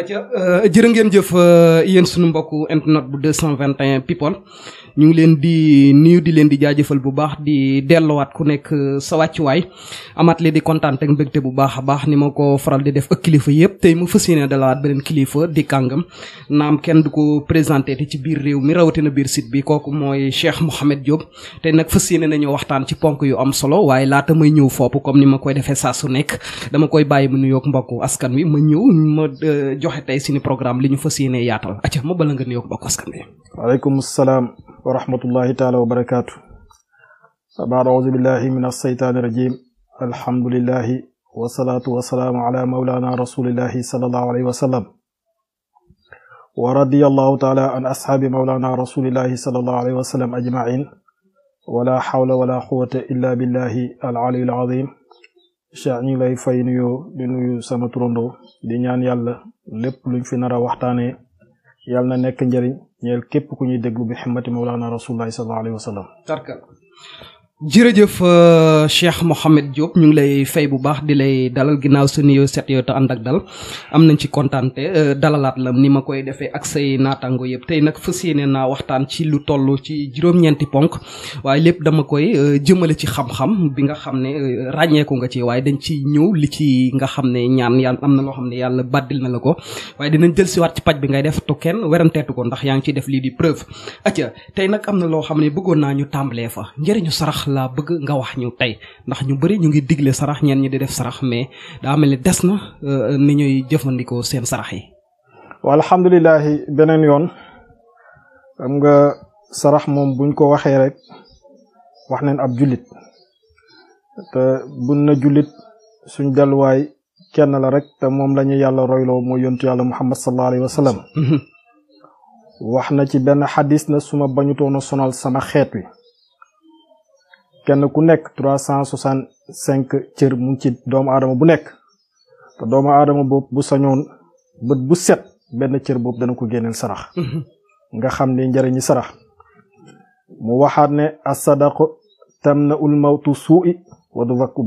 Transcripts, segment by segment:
Euh, jërë ngeen jëf euh, yéen sunu mbokku internet bu 221 people ñu ngi leen di nuyu di leen di jaajëfal bu baax di delluwaat ku nekk euh, sa waay amaat leen di kontaan ak mbégte bu baax a baax ni ma ko faral di def ak kilifa yëpp tey ma fas yéene dalawaat beneen kilifa di kàngam naam kenn du ko présenter te ci biir réew mi rawatina biir site bi kooku mooy Cheikh Mouhamed Diop te nag fas yéene nañu waxtaan ci ponk yu am solo waaye laata may ñëw foofu comme ni ma koy defee saa su nekk dama koy bàyyi mu nuyoog mbokku joxe tey suñu programme li ñu fas yéenee yaatal acca ma bala nga nuyoo ko ba koskan bi waaleykum salaam wa rahmatullahi taala wa barakaatu baad audu billahi min alseytaani rajim alhamdulillahi wasalaatu wasalaamu ala maulana rasulillahi salallahu alayhi wa sallam wa radiyallahu taala an ashaabi maulana rasulillahi salallahu alayhi wa sallam ajmain wala xawla wala quwata illa billahi alaliyu alazim cheikh ñu lay fay nuyo di nuyu sama turando di ñaan yàlla lépp lu ñu fi nar a waxtaanee yàlla na nekk njëriñ ñeel képp ku ñuy déglu bi ximmati mawlaana rasulullahi sallallahu alayhi wa sallam jërëjëf euh, Cheikh Mouhamed Diop ñu ngi lay fay bu baax di lay dalal ginnaaw sa nuyoo set yoo te ànd ak dal am nañ ci kontaante euh, dalalaat la ni ma koy defee ak say naataango yëpp tey nag fas naa waxtaan ci lu toll ci juróom ponk waaye lépp dama koy euh, jëmale ci xam bi nga xam ne ràññeeku nga ci waaye dañ ci ñëw li ci nga xam ne ñaan yàlla am na loo xam ne yàlla baddil na la ko waaye dinañ jël siwaat ci paj bi ngay def to kenn weranteetu ko ndax yaa ngi ciy def lii di preuve atia tey nag am na loo xam ne bëggoon naa ñu tàmbalee fa njëriñu sarax laa bëgg nga wax ñu tey ndax ñu bari ñu ngi digle sarax ñeen ñi di def sarax mais daa mel ni des na euh, ni ñuy jëfandikoo seen sarax yi. waaw alhamdulilah beneen yoon am nga sarax moom buñ ko waxee rek wax neen ab jullit te bun na jullit suñ delluwaay kenn la rek te moom la yàlla royloo mooy yontu yàlla muhammad sallallahu alayhi mm-hmm. wax na ci benn xadis na suma bañutoon a sonal sama xeet wi. kenn ku nekk trois cent soixante cinq cër mu ci doomu adama bu nekk te doomu aadama boobu bu sañoon bët bu set benn cër boobu dana ko génneel sarax mhm. nga xam ne njëriñi sarax mu waxaat ne asadaqu tam na ul mawtu suu'i wa du vakku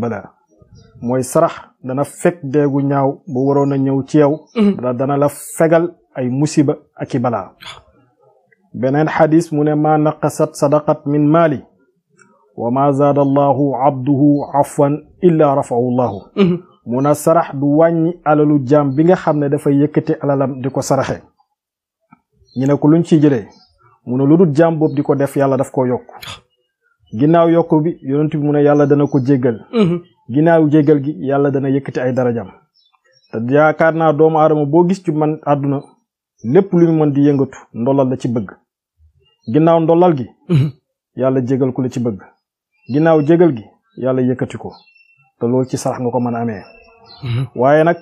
mooy sarax dana fekk deegu ñaaw bu waroon a ñëw ci yow mhm. dana la fegal ay musiba ak i balaa ah. beneen xadis mu ne maa naqasat sadaqat min maali wa ma zaada allahu abduhu afwan illa rafahu llahu mhm. mu na sarax du wàññi alalu jaam bi nga xam ne dafa yëkkate alalam di ko saraxe ñu ne ko luñ ci jëlee mu ne lu dul jaam boobu di ko def yàlla daf ko yokk ginnaaw yokk bi yonent bi mu ne yàlla dana ko jéggal mhm. ginnaaw jéggal gi yàlla dana yëkkati ay darajam te yaakaar naa doomu adama boo gis ci man àdduna lépp lu mu mën di yëngatu ndolal la ci bëgg ginnaaw ndolal gi mhm. yàlla jéggal ku la ci bëgg ginnaaw jégal gi yàlla yëkkati ko te loolu ci sarax nga ko mën a amee. Mhm. waaye nag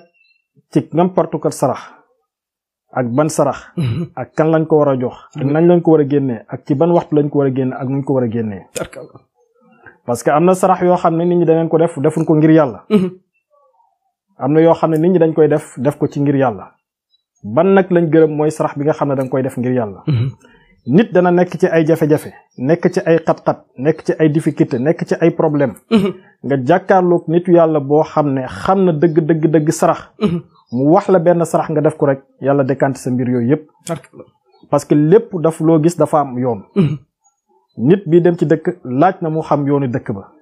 ci n'importe quel sarax ak ban sarax. Mhm. ak kan lañ ko war a jox. ak nañ lañ ko war a génnee ak ci ban waxtu lañ ko war a ak nuñ ko war a génnee. parce que am na sarax yoo xam ne nit ñi danañ ko def defuñ ko ngir yàlla. Mhm. am na yoo xam ne nit ñi dañ koy def def ko ci ngir yàlla. ban nag lañ gërëm mooy sarax bi nga xam ne danga koy def ngir yàlla. nit dana nekk ci ay jafe-jafe nekk ci ay xat-xat nekk ci ay difficulté nekk ci ay problème mhm. nga jàkkaarloog nitu yàlla boo xam ne xam na dëgg dëgg dëgg sarax mhm. mu wax la benn sarax nga def ko rek yàlla dékante sa mbir yooyu yëpp parce que lépp daf loo gis dafa am yoon mhm. nit bii dem ci dëkk laaj na mu xam yoonu dëkk ba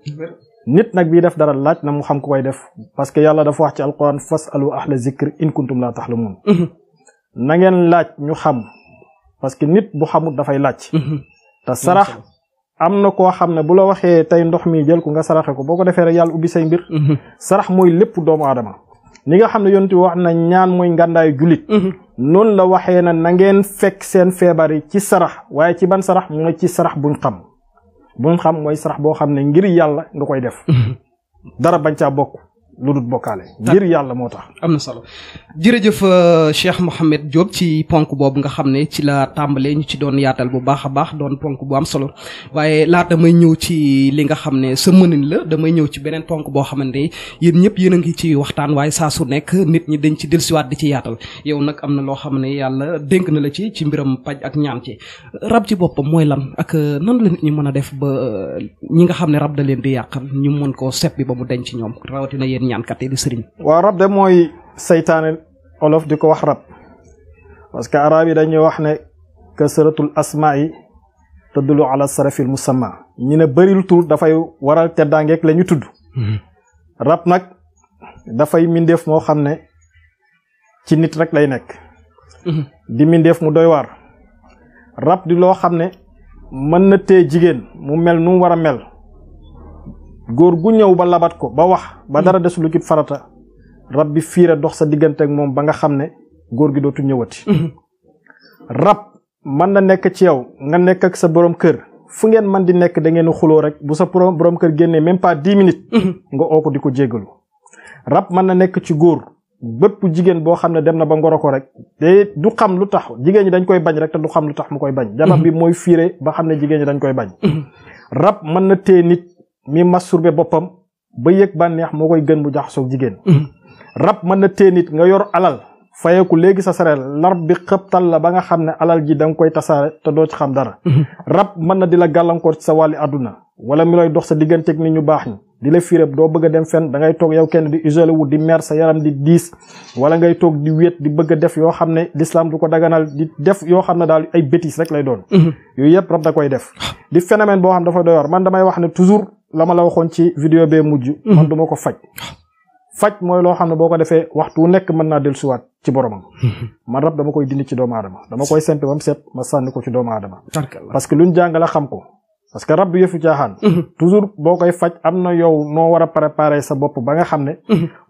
nit nag bii def dara laaj na mu xam ku koy def parce que yàlla dafa wax ci alquran fas alu ahla zikr in kuntum laa taxlamuun na ngeen laaj parce que nit bu xamut dafay laaj. Mhm. te sarax am na koo xam ne bu la waxee tey ndox mi jël ko nga saraxe ko boo ko defee rek yàlla ubbi say mbir. Mhm. sarax mooy lépp doomu aadama. ni nga xam ne yoon ti wax na ñaan mooy ngàndaayu jullit. Mhm. noonu la waxee na na ngeen fekk seen feebar yi ci sarax waaye ci ban sarax mooy ci sarax buñ xam. buñ xam mooy sarax boo xam ne ngir yàlla nga koy def. dara bañ caa bokk. lu dul bokkaale. Ah. ngir yàlla moo tax. am na solo jërëjëf euh, Cheikh Mouhamed Diop ci ponk boobu nga xam ne ci la tàmbalee ñu ci doon yaatal bu baax a baax doon ponk bu am solo waaye laata may ñëw ci li nga xam ne sa mënin la damay ñëw ci beneen ponk boo xamante ne yéen ñëpp yéen a ngi ci waxtaan waaye saa su nekk nit ñi dañ ci dellusiwaat di ci yaatal yow nag am na loo xam ne yàlla dénk na la ci ci mbiram paj ak ñaan ci rab ci boppam mooy lan ak euh, nan la nit ñi mën a def ba euh, ñi nga xam ne rab da mën koo seppi ba mu ñaankat yi du sëriñ. rab de mooy saytaane olof di ko wax rab parce que arab yi dañuy wax ne kasratul asmaa yi tadulu ala sarafil musamma ñu ne bëril tur dafay waral teddaangeeg la ñu tudd. Mhm. rab nag dafay mindeef moo xam ne ci nit rek lay nekk. Mhm. di mindeef mu doy waar. rab di loo xam ne mën na tee jigéen mu mel nu mu war a mel. góor gu ñëw ba labat ko ba wax ba dara desul lu ci farata rab bi fiire dox sa diggante ak moom ba nga xam ne góor gi dootu ñëwati. Mhm. rab man na nekk ci yow nga nekk ak sa borom kër fu ngeen man di nekk da ngeen xuloo rek bu sa borom kër génnee même pas dix minutes. Mhm. nga oo ko di ko jéggalu. rab mën na nekk ci góor bépp jigéen boo xam ne dem na ba ngoro ko rek te du xam lu tax jigéen ñi dañ koy bañ rek te du xam lu tax mu koy bañ. jabar mhm. bi mooy fiire ba xam ne jigéen ñi dañ koy bañ. mi masturbé boppam ba yëg bànneex moo koy gën bu jaxasoog jigéen mhm. rab mën na tee nit nga yor alal fayeku léegi sa sareel larab bi xëptal la ba nga xam ne alal ji da nga koy tasaare te doo ci xam dara mhm. rab mën na di la gàllankoor sa wàlli àdduna wala mi lay dox sa digganteeg nit ñu baax ñi di la firéb doo bëgg dem fenn da ngay toog yow kenn di isolé wu di mer sa yaram di diis wala ngay toog di wéet di bëgg def yoo xam ne l'islam du ko daganal di def yoo xam ne daal ay bêtises rek lay doon mhm. yooyu yëpp da koy def ah. di phénomène boo xam dafa doy war man damay la ma la waxoon ci vidéo bee mujj. Mhm. man du ko faj. faj mooy loo xam ne boo ko defee waxtu wu nekk mën naa dellusiwaat ci boromam. Mhm. man rab dama koy dindi ci doomu aadama dama koy sempi ba set ma sànni ko ci doomu aadama. parce que lu jàng la xam ko. parce que rab du yëfu caaxaan. Mhm. toujours boo koy faj am na yow noo war a préparer sa bopp ba nga xam ne.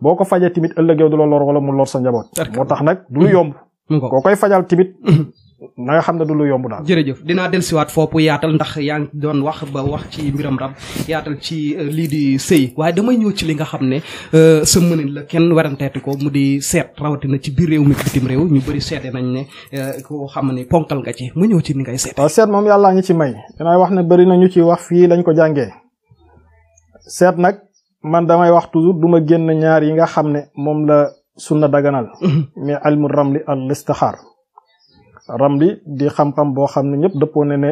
boo ko fajee tamit ëllëg yow du la lor wala mu lor sa njaboot. moo tax nag du lu yomb. koo koy fajal tamit. na xam ne du lu yomb daal. jërëjëf dinaa dellusiwaat foofu yaatal ndax yaa doon wax ba wax ci mbiram rab yaatal ci euh, lii di sëy waaye damay ñëw ci li nga xam ne euh, sa la kenn weranteeti ko mu di seet rawatina ci biir réew mi bitim réew ñu bëri nañ ne euh, koo xam ne ponkal nga ci mu ñëw ci ni ngay seet. waaw seet moom yàllaa ñu ci may. dinaa wax ne bëri na ñu ci wax fii lañ ko jànge seet nag man damay waxtu duma du génn ñaar yi nga xam ne moom la sunna daganal. mi mhm. almu ramli al istixaar ramli di xam-xam boo xam ne ñëpp dëppoo ne ne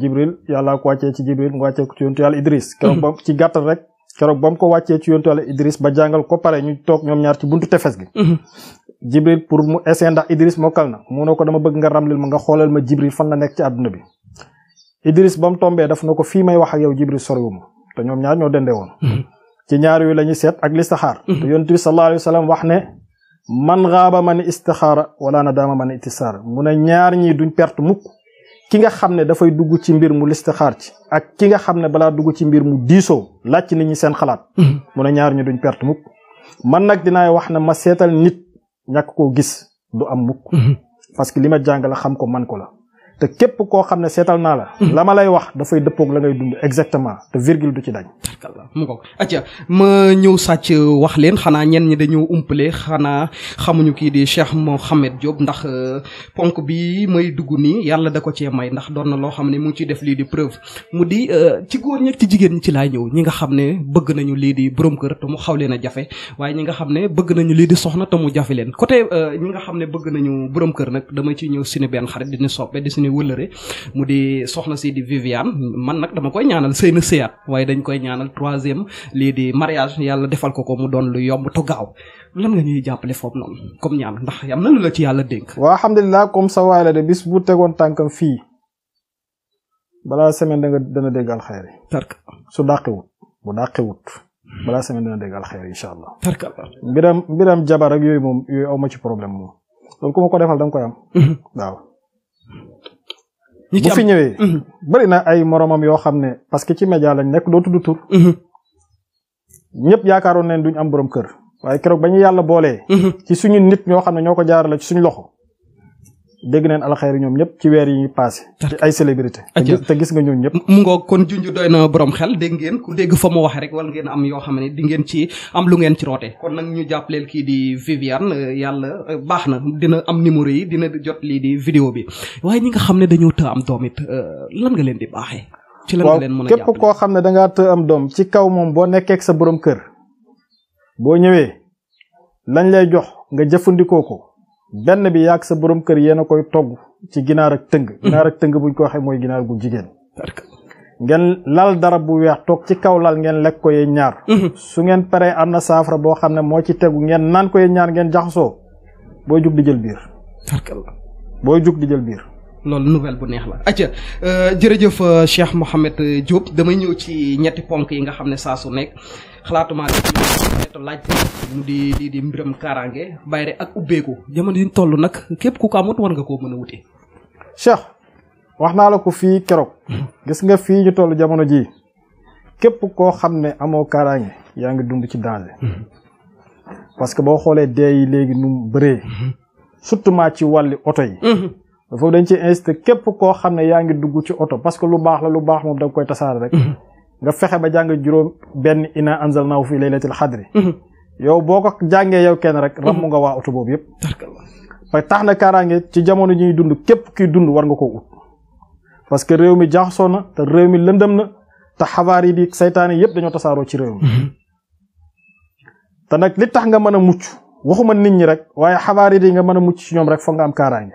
jibril yàllaa ko wàccee ci jibril mu wàccee ci yontu idris hmm. keroog ba mu ko wàccee ci yontu yàlla idris ba jàngal ko pare ñu toog ñoom ñaar ci buntu tefes gi hmm. jibril pour mu essayer ndax idris mokkal na mu ne ko dama bëgg nga ramlil ma nga xoolal ma jibril fan la nekk ci àdduna bi idris ba mu tombee daf na ko fii may wax ak yow jibril soriwuma te ñoom ñaar ñoo dendee woon hmm. ci ñaar yooyu la seet ak listaxaar man xaaba man istixaara wala daama man itisaar mu ne ñaar ñii duñ perte mukk ki nga xam ne dafay dugg ci mbir mu listixaar ci ak ki nga xam ne balaa dugg ci mbir mu diisoo laaj nit ñi seen xalaat mhm. mu ne ñaar ñi duñ perte mukk man nag dinaay wax ne ma seetal nit ñàkk koo gis du am mukk mhm. parce que li ma jàngale xam ko man ko la te képp koo xam ne seetal naa la. Mm-hmm. lama lay wax dafay dëppoog la ngay dund exactement te virgule du ci dañ. mu ko acca ma ñëw sàcc wax leen xanaa ñenn ñi dañoo umpale xanaa xamuñu kii di Cheikh Mohamed Diop ndax euh, ponk bi may dugg nii yàlla da ko cee may ndax doon na loo xam ne mu ngi ciy def lii di preuve mu di euh, ci góor ñi ak jigéen ñi ci laay ñëw ñi nga xam ne bëgg nañu lii di borom kër te mu xaw leen a jafe waaye ñi nga xam ne bëgg nañu lii di soxna te mu jafe leen côté euh, ñi nga xam ne bëgg nañu borom kër nag damay ci ñëw suñu benn xarit di soppe di suñu wëllëre mu di soxna si di Viviane man nag dama koy ñaanal sëy na sëyaat waaye dañ koy ñaanal troisième lii di mariage yàlla defal ko ko mu doon lu yomb te gaaw lan nga ñuy jàppale foofu noonu comme ñaan ndax am na lu ci yàlla dénk. waaw alhamdulilah comme sa waay la de bis bu tegoon tànkam fii balaa semaine danga dana déggal su dàqewut bu dàqewut balaa semaine dana déggal xeer mbiram mbiram jabar yooyu moom ma ci problème moom ko defal da koy am. Mhm. waaw. bu fi ñëwee. Mhm. bëri na ay moromam yoo xam ne parce que ci média lañ nekk doo tudd tur. Mhm. ñëpp yaakaaroon nañ duñ am borom kër waaye keroog ba ñu yàlla boolee. Mhm. ci suñu nit ñoo xam ne ñoo ko jaarale ci suñu loxo. dégg neen alxayri ñoom ñëpp ci weer yi passé ci ay célébrité te gis nga ñoom ñëpp mu ngoo kon junj doy na borom xel dégg ngeen ku dégg fa mu wax rek wala ngeen am yoo xam ne di ngeen ci am lu ngeen ci roote kon nag ñu jàppaleel kii di Viviane yàlla baax na dina am numéro yi dina jot lii di vidéo bi waaye ñi nga xam ne dañu të am doom it euh, lan nga leen di baaxee ci lan nga leen mën a képp koo xam ne dangaa të am doom ci kaw moom boo nekkee ak sa borom kër boo ñëwee lañ lay jox nga jëfandikoo ko benn bi yaag sa borom kër yéen a koy togg ci ginaar ak tëng hmm. ginaar ak tëng buñ ko waxee mooy ginaar gu jigéen ngeen lal dara bu weex toog ci kaw lal ngeen lekk ko yéen ñaar hmm. su ngeen paree am na saafara boo xam ne moo ci tegu ngeen naan ko yéen ñaar ngeen jaxasoo booy jug di jël biir booy jug di biir loolu nouvelle bu neex la acca euh, jërëjëf euh, Cheikh Mouhamed euh, Diop damay ñëw ci ñetti ponk yi nga xam ne saa su nekk xalaatuma to mu di di di mbiram kaaraange bayre ak ubbeeku jamono yi ñu toll nag képp ku ko amut war nga koo mën a wuti. Cheikh wax naa la ko fii keroog gis nga fii ñu toll jamono ji képp koo xam ne amoo kaaraange yaa ngi dund ci danger parce que boo xoolee dee yi léegi nu mu bëree surtout ci wàlli oto yi dafa dañ ci insisté képp koo xam ne yaa ngi dugg ci oto parce que lu baax la lu baax moom da koy tasaare rek nga fexe ba jàng juróom benn ina anzalnaahu fi laylatil xadri mhm. yow boo ko jàngee yow kenn rek mhm. ramm nga waa oto boobu yëpp ba tax na kaaraange ci jamono ñuy dund képp kiy dund war nga ko ut parce que réew mi jaxasoo na te réew mi lëndëm na te xabaar yi di saytaane yëpp dañoo tasaaroo ci réew mi mhm. te nag li tax nga mën a mucc waxuma nit ñi rek waaye xabaar yi nga mën a mucc ci ñoom rek foog nga am kaaraange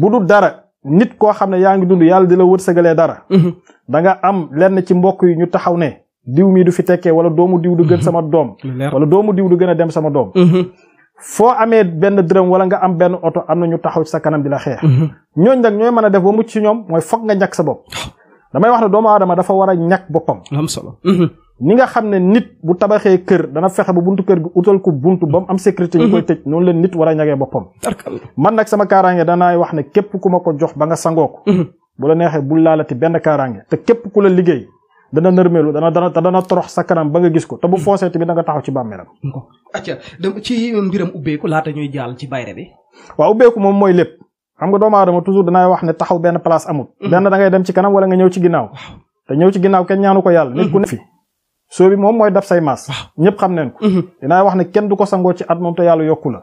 bu dul dara nit koo xam ne yaa ngi dund yàlla di la wërsëgalee dara. Mhm. da nga am lenn ci mbokk yi ñu taxaw ne diw mi du fi tekkee wala doomu diw du gën mhm. sama doom. wala doomu diw du gën a dem sama doom. Mhm. foo amee benn dërëm wala nga am benn oto am na ñu taxaw sa kanam di la xeex. ñooñ nag ñooy mën a def ba mucc ci ñoom mooy foog nga ñàkk sa bopp. Ah. damay wax ne doomu aadama dafa war a ñàkk boppam. ni nga xam ne nit bu tabaxee kër dana fexe ba buntu kër gi utal ko buntu ba mu am sécurité ñu mhm. koy tëj noonu leen nit war a ñagee boppam man nag sama kaaraange danaay wax ne képp ku ma ko jox ba nga sangoo mhm. bu la neexee bul laalati benn kaaraange képp ku la liggéey dana nërmeelu dana dana dana torox sa kanam ba nga gis ko te bu mhm. foncé tamit da nga taxaw ci bàmmeelam acca dem ci mbiram ubbeeku laata ñuy jàll ci bayre bi waa ubbeeku moom mooy lépp xam nga doomu aadama toujours danaay wax ne taxaw benn place amul benn da ngay dem ci kanam wala nga ñëw ci ginnaaw te ñëw ci ginnaaw kenn ñaanu ko yàlla nit ku ne fi soo moom mooy daf say maas. ñëpp xam neen ko. Mhm. dinaa wax ne kenn du ko sangoo ci at moom te yàlla yokku la.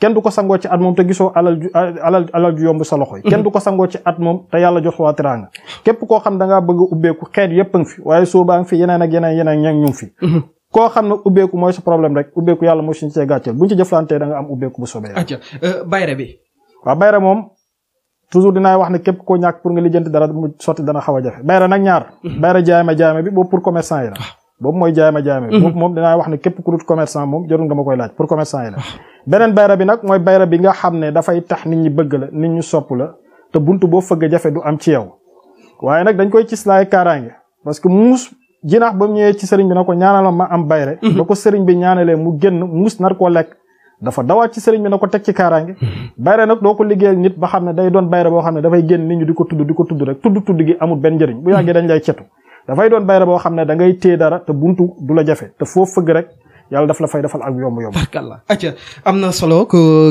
kenn du ko sangoo ci at moom te gisoo alal ju alal alal mhm. kenn du ko sangoo ci at moom te yàlla jox waa teraanga. képp koo xam da danga bëgg a ubbeeku xeet yëpp fi waaye soo baa ngi fi yeneen ak yeneen yeneen ña ñu ngi fi. Mhm. koo xam ne ubbeeku mooy sa problème rek ubbeeku yàlla moo suñu see gàcceel buñ ci jëflantee da nga am ubbeeku bu soobee. acca euh, bayre bi. waaw bayre moom toujours dinaay wax ne képp koo ñàkk pour nga lijjanti dara mu sotti dana xaw a jafe bayre nag ñaar. bayre jaayame jaayame bi yi la boobu mooy jaay a jaay ma boobu mhm. moom dinaa wax ne képp ku dul commerçant moom jarul nga ma koy laaj pour commerçant yi la beneen bayra bi nag mooy bayra bi nga xam ne dafay tax nit ñi bëgg la nit ñu sopp la te buntu boo fëgg jafe du am ci yow waaye nag dañ koy ci laay kaaraange parce que muus jinaax ba ñëwee ci sëriñ bi na ko ñaanal ma am bayre mhm. ba ko sëriñ bi ñaanalee mu génn muus nar koo lekk dafa dawaat ci sëriñ bi na ko teg ci kaaraange mhm. bayre nag doo ko liggéeyal nit ba xam ne day doon bayre boo xam ne dafay génn nit ñu di ko tudd di ko tudd rek tudd tudd gi amul benn njëriñ bu yàggee dañ lay cetu dafay doon bayra boo xam ne da ngay téye dara te buntu du la jafe te foo fëgg rek yàlla daf la fay defal ak yomb-yomb. barkallah atia am na solo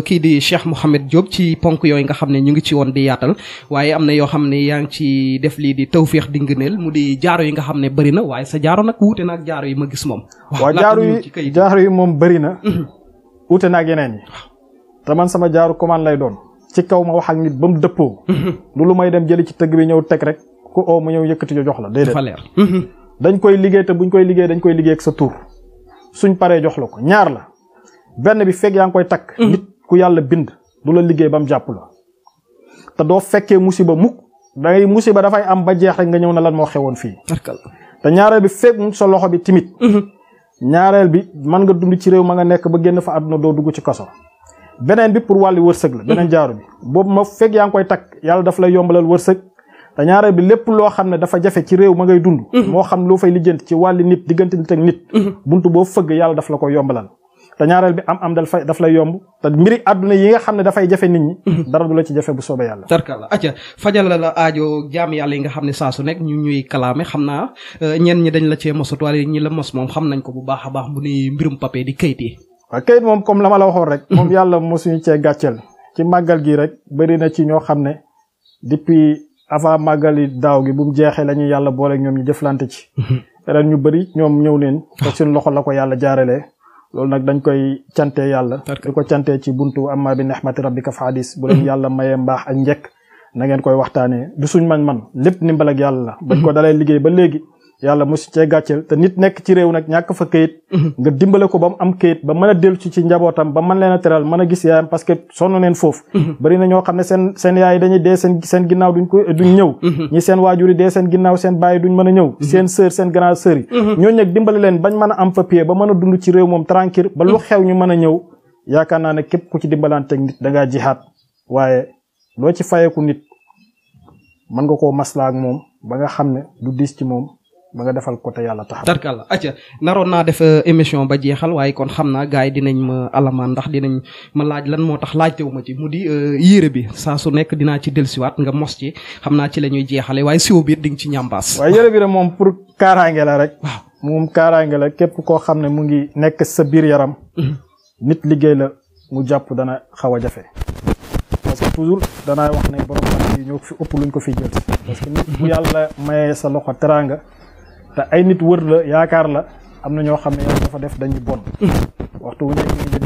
kii di Cheikh Mouhamed Diop ci ponk yooyu nga xam ne ñu ngi ci woon di yaatal waaye am na yoo xam ne yaa ngi ci def lii di tawféex di ngëneel mu di jaaro yi nga xam ne bëri na waaye sa jaaro nag wuute na ak jaaro yi ma gis moom. waaw jaaro yi jaaro yi moom bëri na. Mhm. wuute na ak yeneen yi. te man sama jaaro commande lay doon. ci kaw ma wax ak nit ba mhm. may dem jëli ci tëgg bi ñëw teg rek. ku oo mu ñëw yëkkati jo jox la déedéet dafa leer mhm. dañ koy liggéey te buñ koy liggéey dañ koy liggéey ak sa tur suñ paree jox la ko ñaar la benn bi fekk yaa ngi koy takk mhm. nit ku yàlla bind la liggéey ba jàpp la doo fekkee musiba mukk dangay musiba dafay am ba jeex rek nga ñëw na lan moo xewoon fii te ñaareel bi fekk sa loxo bi timit mhm. ñaareel bi mën nga dund ci réew ma nga nekk ba génn fa àdduna doo dugg ci kaso beneen bi pour wàllu wërsëg la beneen jaaru bi boobu ma fekk yaa ngi koy takk yàlla daf lay yombalal wërsëg te ñaareel bi lépp loo xam ne dafa jafe ci réew ma ngay dund mhm. moo xam loo fay lijjanti ci wàlli nit diggante nit ak nit mhm. buntu boo fëgg yàlla daf la ko yombalal te ñaareel bi am am dal fay daf la yomb te mbiri àdduna yi nga xam ne dafay jafe nit ñi mhm. dara la ci jafe bu soobee yàlla tarkalla acca fajal la aajo jaam yàlla yi nga xam ne saa su nekk ñu ñuy kalaame xam naa euh, ñenn ñi dañ la cee mosut wala ñi la mos moom xam nañ ko bu baax a baax bu ne mbirum papier di kayit yi waaw kayit moom comme la ma la waxoon rek moom yàlla mosuñu cee gàcceel ci màggal gi rek bëri na ci ñoo xam ne depuis avant màggali daaw gi bu mu jeexee la ñu yàlla boole ñoom ñu jëflante ci. Mhm. ren ñu bëri ñoom ñëw neen te seen loxo la ko yàlla jaaralee. loolu nag dañ koy cante yàlla. di ko cante ci buntu amma bi nehmati rabbika fa hadis bu leen mhm. yàlla mayee mbaax a njekk na ngeen koy waxtaanee du suñ man man lépp ndimbal ak yàlla la. bañ ko dalee liggéey ba léegi. yàlla mu cee gàcceel te nit nekk ci réew nag ñàkk fa kayit mhm. nga dimbale ko ba mu am kayit ba mën a dellu ci ci njabootam ba mën leen a teral mën a gis yaayam parce que sonn neen foofu mhm. bari na ñoo xam ne seen seen yaay dañuy dee seen seen ginnaaw duñ ko duñ ñëw mhm. ñi seen waajur yi dee seen ginnaaw seen baay duñ mën a ñëw seen sœur seen grand sœur yi ñooñu nag dimbale leen bañ mën a am papier ba mën a dund ci réew moom tranquille ba lu xew ñu mën a ñëw yaakaar naa ne képp ku ci dimbalante nit da ngaa jihaat waaye loo ci fayeku nit mën nga koo maslaa ak moom ba nga xam ne du diis ci moom ba nga defal ko te yàlla tax tarkalla acca naroon naa def euh, émission ba jeexal waaye kon xam naa gars yi dinañ ma alamaan ndax dinañ ma laaj lan moo tax laajtewu ma ci mu di euh, yére bi saa su nekk dinaa ci siwaat nga mos ci xam naa ci la ñuy jeexale waaye siwo bi di ci ñambaas waaye yére bi de moom pour kaaraange la rek moom kaaraange la képp koo xam ne mu ngi nekk sa biir yaram mhm. nit liggéey la mu jàpp dana xaw a jafe parce toujours danaay wax ne borom ko fi jël te ay nit wër la yaakaar la am na ñoo xam ne dafa def dañuy bon waxtu wu nekk ñu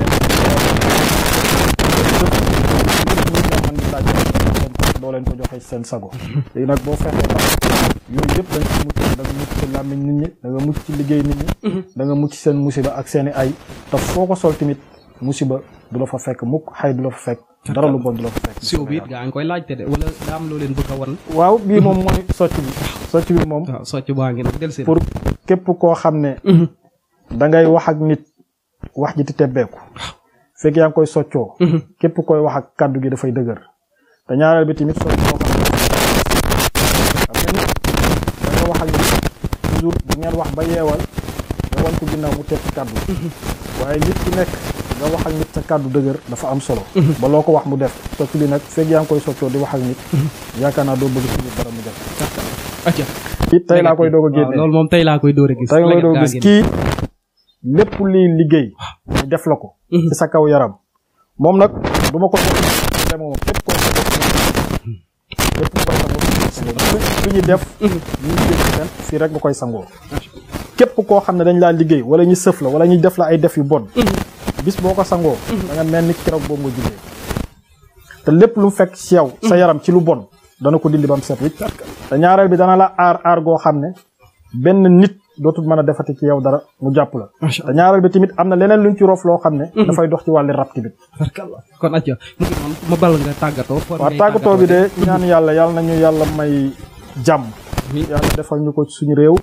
doo leen ko joxe seen sago léegi nag boo fexee ba yooyu yëpp da nga mucc da nga làmmiñ nit ñi da mucc ci liggéey nit ñi da mucc seen musiba ak seeni ay te foo ko sol tamit musiba du la fa fekk mukk xay du la fa fekk dara lu bon du la fekk. siw ngi koy laajte de am loo leen bëgg a wan. waaw bii moom mooy socc bi. socc bi moom. waaw socc baa ngi nag dellusi pour képp koo xam ne. Mhm. da wax ak nit wax ji ti tebbeeku. fekk yaa ngi koy soccoo. Mhm. képp koy wax ak kàddu gi dafay dëgër. te ñaareel bi tamit socc boo xam ne da nga wax ak nit toujours bu ngeen wax ba yeewal nga wan ko ginnaaw mu teg kàddu. Mhm. waaye nit ki nekk. nga wax ak nit sa kàddu dëgër dafa am solo mhm. ba loo ko wax mu def toog bi nag feeg yaa ngi koy soccoo di wax ak nit mhm. yaakaar naa doo bëgg si nit dara mu def moom tey laa koy door a a gis kii lépp liy liggéey def la ko mhm. ci sa kaw yaram moom nag du ma ko def moom képp ñu def ñu def fen fii rek nga koy sangoo képp koo xam ne dañ laa liggéey wala ñu sëf la wala ñu def la ay def yu bon bis boo ko sangoo. da nga mel ni keroog boobu nga jullee. te lépp lu fekk ci yow. sa yaram ci lu bon dana ko dindi ba mu set wicc. te ñaareel bi dana la aar aar goo xam ne benn nit dootul mën a defati ci yow dara mu jàpp la. te ñaareel bi tamit am na leneen luñ ci roof loo xam ne. Mhm. dafay dox ci wàllu rab tamit. kon atia mu ngi noonu ma bal tàggatoo. tàggatoo bi de ñaan yàlla yàlla nañu yàlla may jàmm. yàlla defal ñu ko suñu réew.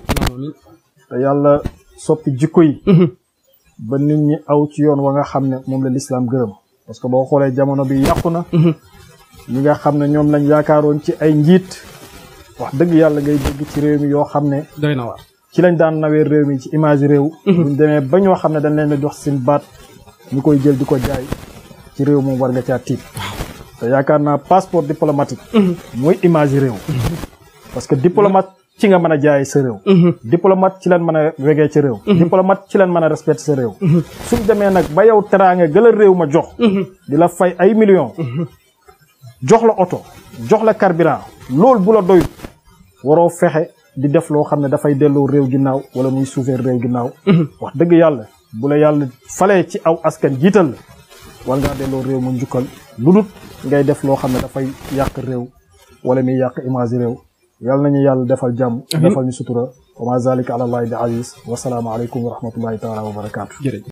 te yàlla soppi jikko yi. Mhm. ba nit ñi aw ci yoon wa nga xam ne moom la lislaam gërëm parce que boo xoolee jamono bi yàqu na ñi nga xam ne ñoom lañ yaakaaroon ci ay njiit wax dëgg yàlla ngay dégg ci réew mi yoo xam ne doy na ci lañ daan nawee réew mi ci image réew buñ demee ba ñoo xam ne dañ leen a jox seen baat ñu koy jël di ko jaay ci réew moom war nga caa tiit te yaakaar naa passeport diplomatique mmh. mooy image réew parce que diplomate ci nga mën a jaay sa réew mhm. diplomate ci leen mën a wegee ci réew mhm. diplomate ci leen mën a respecté sa réew mhm. suñ demee nag ba yow teraanga gëla réew ma jox di la fay ay million jox la oto jox la carburant lool bu la doyut waroo fexe di def loo xam ne dafay delloo réew ginnaaw wala muy suufee réew ginnaaw wax dëgg yàlla bu la yàlla falee ci aw askan jiital la wala ngaa delloo réew ma njukkal lu dul ngay def loo xam ne dafay yàq réew wala muy yàq image réew yàlla nañu yàlla defal jàmm defal ñu sutura wa ma zalika ala allahi bi aziz wasalaamu aleykum wa rahmatullahi taala wa barakaatu jërëjëf